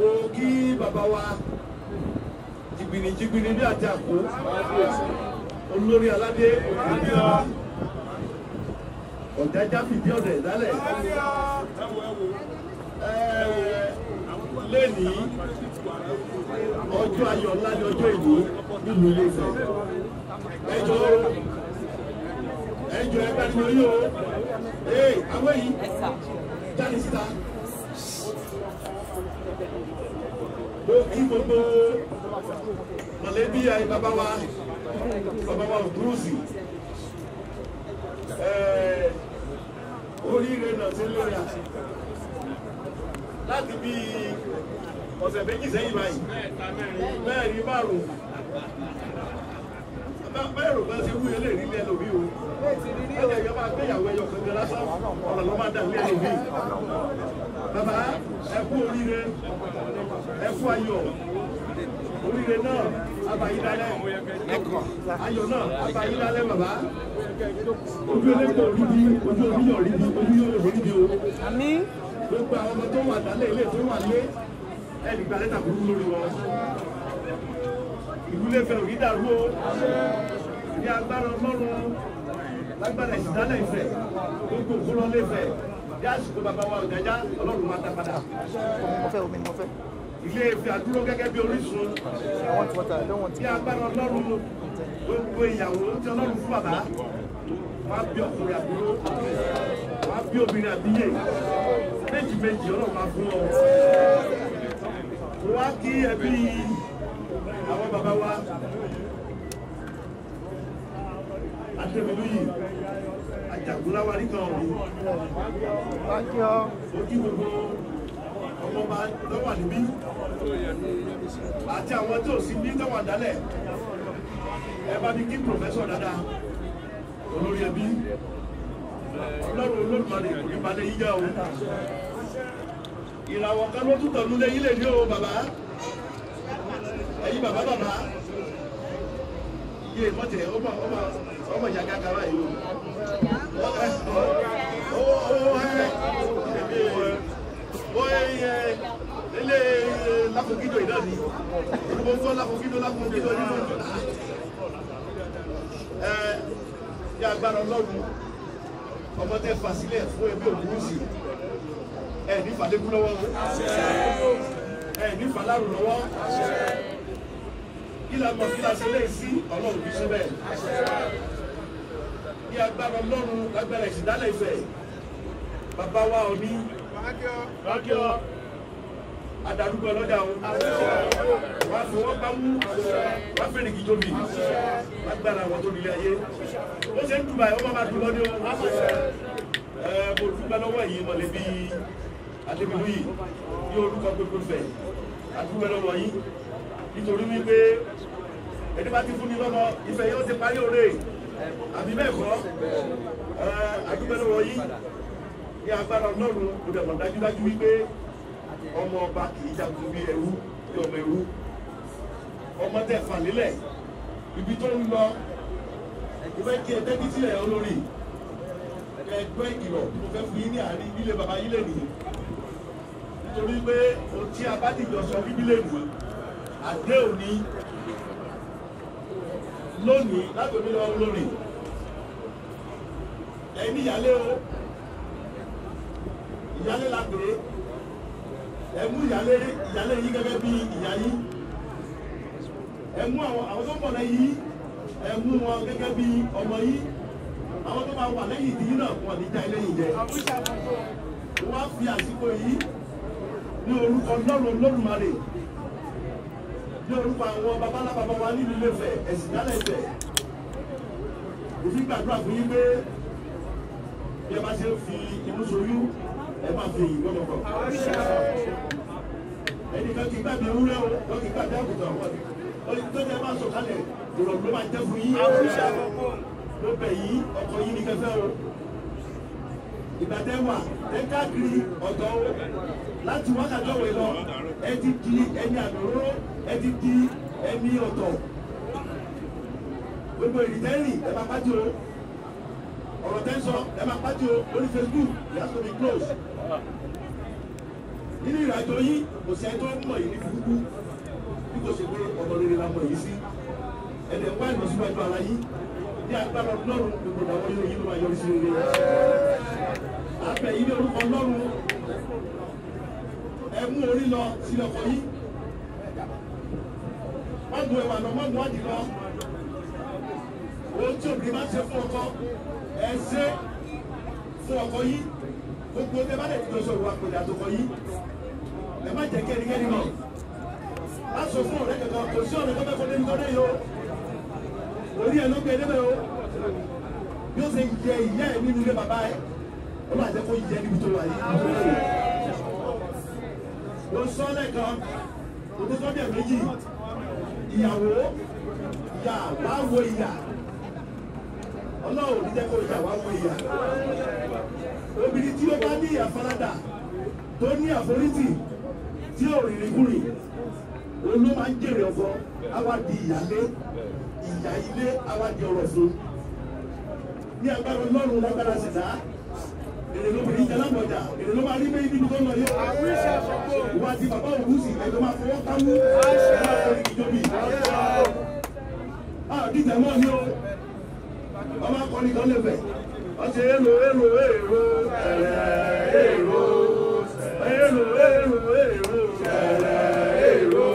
wo kí bàbá wa jìgbìnì jìgbìnì bí àti àpò olórí aládé òkèèrè ọ̀jájá fìdí ọ̀dẹ̀ ìdálẹ̀ lẹ́ni ọjọ́ ayọ̀ ńlá ni ọjọ́ ìlú nínú ilé Ifẹ̀ ẹjọ́ ẹjọ́ ẹgbẹ́ ni oyún o ee àwọn èyí jáde síta. ló kí gbogbo mọ̀lẹ́bí ayé bàbá wa bàbá wa ògúrùsì oríire náà ti lórí àti láti bí ọ̀sẹ̀ méjì sẹ́yìn báyìí mẹ́rin márùn-ún mẹ́rin bá ti wú ilé rí lẹ́nu bí o ẹ̀yọ́ máa gbéyàwó ẹyọ kankan lásán ọ̀rọ̀ ló bàbá kú oríire ẹ kú ayọ̀ oríire náà abayidalẹ ayọ̀ náà abayidalẹ bàbá ojú elépo ríbi ojú oníyọ ríbi ojú yóò ríbi o gbogbo àwọn ọmọ tó wà dálẹ̀ ilé tó wà lé ẹnì gba lẹ́tà burúkú lórí wọn ìwúlé fẹ́ òní dàrú o ní agbára Ọlọ́run lágbára ìdálẹ̀ ìfẹ́ gbogbo òkúrọ̀ lẹ́fẹ̀ẹ́ bí àsìkò bàbá wa Ọ̀jájá ọlọ́run ilé Ifẹ̀ àdúró gẹ́gẹ́ bí orísun. àwọn tí wọ́n ta ló wọ́n ti. agbára ọlọ́run gbogbo ìyàwó tí ọlọ́run fún bàbá wọ́n á bí ọkùnrin àdúró wọ́n á bí obìnrin àbíyè méjì méjì ọlọ́run máa fún ọ. mo wá kí ẹbí àwọn bàbá wa àtẹ̀mẹ́lú yìí jàgúnláwà nìkan ọ̀run ojú gbogbo ọmọọba lọ́wà níbí àti àwọn tó sì ní lọ́wà dálẹ̀ ẹ bá mi kí pòfẹ́sọ̀ dáadáa olórí ẹbí ọlọ́run olódùmarè kò ní balẹ̀ yíyá o ìràwọ̀ kan ló tún tọ̀nú lẹ́yìn lè ní o bàbá ẹ̀yin bàbá bàbá iye ìmọ̀tẹ̀ ọmọ ìyá gàgàrà yìí o ilé láfòkídò ìdá ni mo fọ́ láfòkídò láfòkídò nínú ẹ ní agbára ọlọ́run ọmọ tẹ fà sílẹ̀ fún ẹbí òkúrúsì ẹ ní fàlékú lọ́wọ́ ẹ ní fàlárù lọ́wọ́ kí la mọ̀ kí la ṣe lé sí ọlọ́run bí síbẹ̀ agbára ọlọ́run lágbára ìsìdálẹ̀ Ifẹ̀ bàbá wa Ọọ̀ni bákíọ́ adarúgbó ọlọ́jà o wàá fi wọ́n gbámú wàá fèrè kí tóbi lágbára àwọn tó nílé ayé ó ṣe ń dùbà ẹ̀ wọ́n máa dùn lọ́dún o mo dúpẹ́ lọ́wọ́ yìí mọ̀lẹ́bí Adémilúyì ní orúkọ gbogbo Ifẹ̀ àdúgbò lọ́wọ́ yìí nítorí wípé ẹni bá ti fún ni lọ́mọ Ifẹ̀ yóò ti parí òre àbí bẹ́ẹ̀ kọ́ adúgbẹ́lẹ́wọ̀ yìí ní agbára ọlọ́run mo dẹ̀ mọ̀ dájúdájú wípé ọmọ ọba kì í jagun bí ẹrú bí ọmọ ẹrú ọmọ tẹ fàlélẹ̀ ibi tó ń lọ ìfẹ́ kí ẹ tẹ́tí sílẹ̀ olórí ẹgbẹ́ ìkìlọ̀ mo fẹ́ fún yín ní àárín ilé baba yín lè nìyí nítorí pé ohun tí a bá dìjọ sọ bíbí lè wù àdé òní lónìí látòmí lọ lórí ẹni ìyálé o ìyálé la pè é ẹ mú ìyálé ìyálé yìí gẹ́gẹ́ bí ìyá yìí ẹ mú àwọn àwọn tó mọ̀ lẹ́yìn yìí ẹ mú wọn gẹ́gẹ́ bí ọmọ yìí àwọn tó máa wà lẹ́yìn ìdíyìn náà wọn ní já eléyìí jẹ wọn á fi àsìkò yìí ní orúkọ lọ́rùn Olódùmarè ní orúkọ àwọn babalábàbá wa nílùú Ilé-Ifẹ̀ ẹ̀sìn jálẹ̀ Ifẹ̀ òfin gbàdúrà fún yín pé bí ẹ bá ṣe ń fi inú soyú ẹ máa fi èyí gbọ́dọ̀ kọ̀ ẹnìkan kì í gbàgbé ewúrẹ́ o wọ́n kì í gbàgbé àgùntàn wọn tó jẹ́ máa sọ̀kalẹ̀ ìrọ̀lú máa jẹ́ fún yín ló bẹ̀ yí ọkọ̀ yín ní kẹfẹ́ o ìgbàdẹ́wà ẹ káàkiri ọ̀dọ́ láti wákàtí ọ̀wẹ̀ lọ ẹ ti di ẹni àdúró ẹ ti di ẹni ọ̀tọ̀ gbogbo ìrìtẹ́rì ẹ máa pàtó ọ̀rọ̀ tẹ́sán ẹ máa pàtó lórí Facebook ìyá sọ mi close nínú ìrìnàjò yìí kò sí ẹjọ́ mọ̀ yìí ní burúkú bí kò sì pé ọ̀dọ̀ rere la mọ̀ yìí sí ẹ̀dẹ̀ ń wá ìlọsíwájú ara yìí ní agbára ọlọ́run gbogbo ìdáwọ́ yóò yí ló máa yọrí sí rere àbẹ̀ yìí ní orúkọ ọlọ́run ẹ mú orí lọ sílẹ̀ ọkọ yìí mọ́gun ẹwà lọ mọ́gun ọ̀dì lọ ohun tí obìnrin máa ń ṣe fún ọkọ ẹ ṣe fún ọkọ yìí gbogbo tẹ bá lè fi lọ sọ ìwà pèlè àtọkọ yìí ẹ má jẹ kẹ́nikẹ́ni mọ̀ láṣọ fún ọ̀rẹ́ kankan kò sí ọ̀rẹ́ kankan fọdé nítorí yìí o orí ẹ ló gbé débẹ̀ o yóò ṣe jẹ ìyá ẹ nínú ilé bàbá ẹ ó máa jẹ kó jẹ níbi tó wà yìí lọ sọ lẹ́kan òtútọ́ bíẹ̀ méjì ìyàwó ìyá wá wo ìyá ọlọ́run ní jẹ́ kó ìyá wá wo ìyá obìnrin tí ó bá ní àfaradà tó ní àforítì tí ò rìnrìn kúrìn olú máa ń jèrè ọgbọ àwa ìyálé ìyá ilé àwa ọrọ̀ fún ní agbára ọlọ́run lágbára ṣẹ̀dá èrè ló jẹ́ lágbọ̀jà èrè ló máa rí méjì tó lọ yẹ ìwà àti bàbá òwúsì ẹ̀jọ̀ máa fọwọ́ támú ẹ̀jọ̀ máa fọwọ́ ìjọba ìjọba. àdìjà náà ni ó ọmọ akọni kan lè bẹ̀ ọtí èlò èlò èrò ẹ̀rẹ̀ èrò èlò èrò èrò ẹ̀rẹ̀ èrò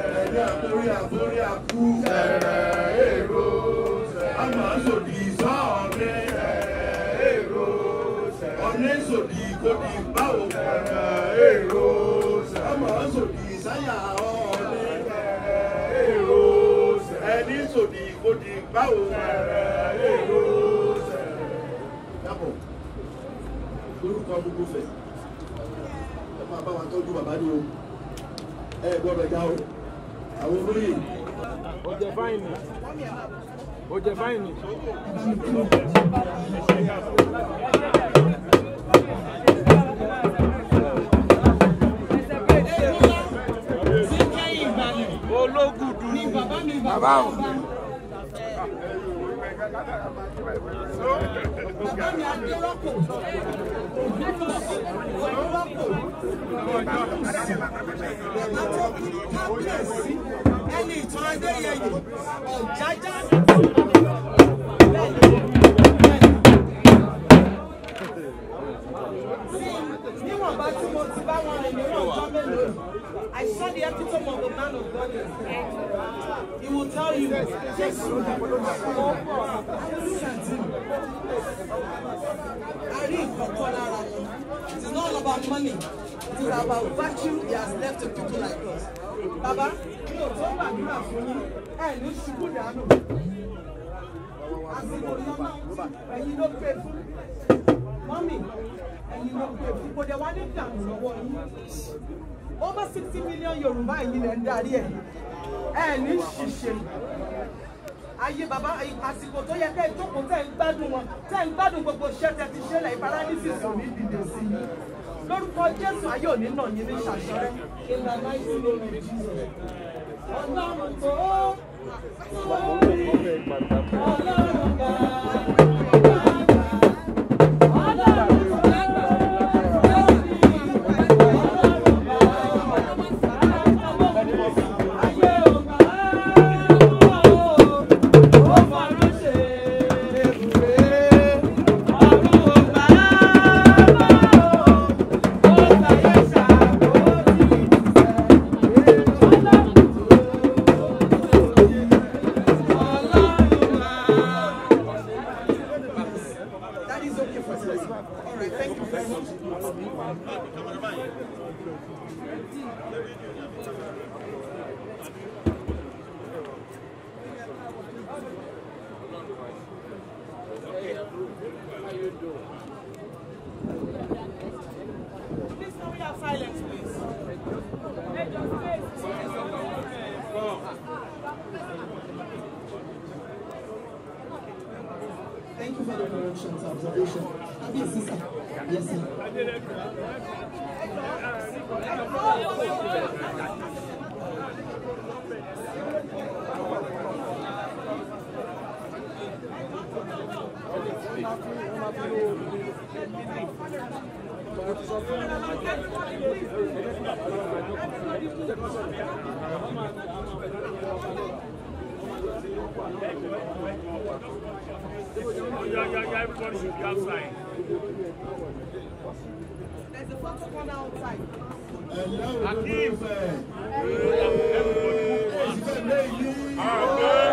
ẹ̀jẹ̀ àkórí àkórí àkú ẹ̀rẹ̀ èrò àmọ́ àsòdì sọ́ọ̀rẹ́ ẹ̀rẹ̀ èrò ọ̀nẹ́sòdì kò dì bá. kó di báwo. Sẹ̀rẹ̀ lórúkọ gbogbo fẹ̀. Ẹ máa bá wa tọ́jú bàbá ní o. Ẹ gbọ́dọ̀ já o. Àwọn olóyè. Ó jẹ fáìnì. Ó jẹ fáìnì. Ológùdù. Bàbá o. Fẹ́mi Adérọ́pò Adérọ́pò àti kábíyèsí ẹni ìtàn Adéyẹyè Ọ̀jájá. Níwọ̀nba tí mo I saw the epitome of the man of God will tell you, It is not all about money. It is about virtue he has left to people like us. Baba, mi ò tó gbàdúrà fún yín, ẹ̀ ní ṣubú dànù. Àsìkò lọ́mọ, ẹ̀yin ló Over sixty million Yorùbá in the end, darí ẹ ní ṣìṣe ayé bàbá àsìkò tó yẹ kẹ́ ẹ jókòó tẹ́ ń gbádùn wọn tẹ́ ń gbádùn gbogbo iṣẹ́ tẹ́ ti ṣẹlẹ̀ ìparánísìsì òní dìde sí i lórúkọ Jésù ayé òní náà yìí ní ṣàṣọrẹ́ ìlànà ìṣúná rẹ̀ Ọlọ́run tó ó tó ó rí Ọlọ́run. All right, thank you very much. Please silence, please? Thank you for the corrections observation. Merci, sir. Merci. Thank you. Yeah, yeah, yeah, everybody should be outside. There's a photo corner outside. Akim! Everybody move fast.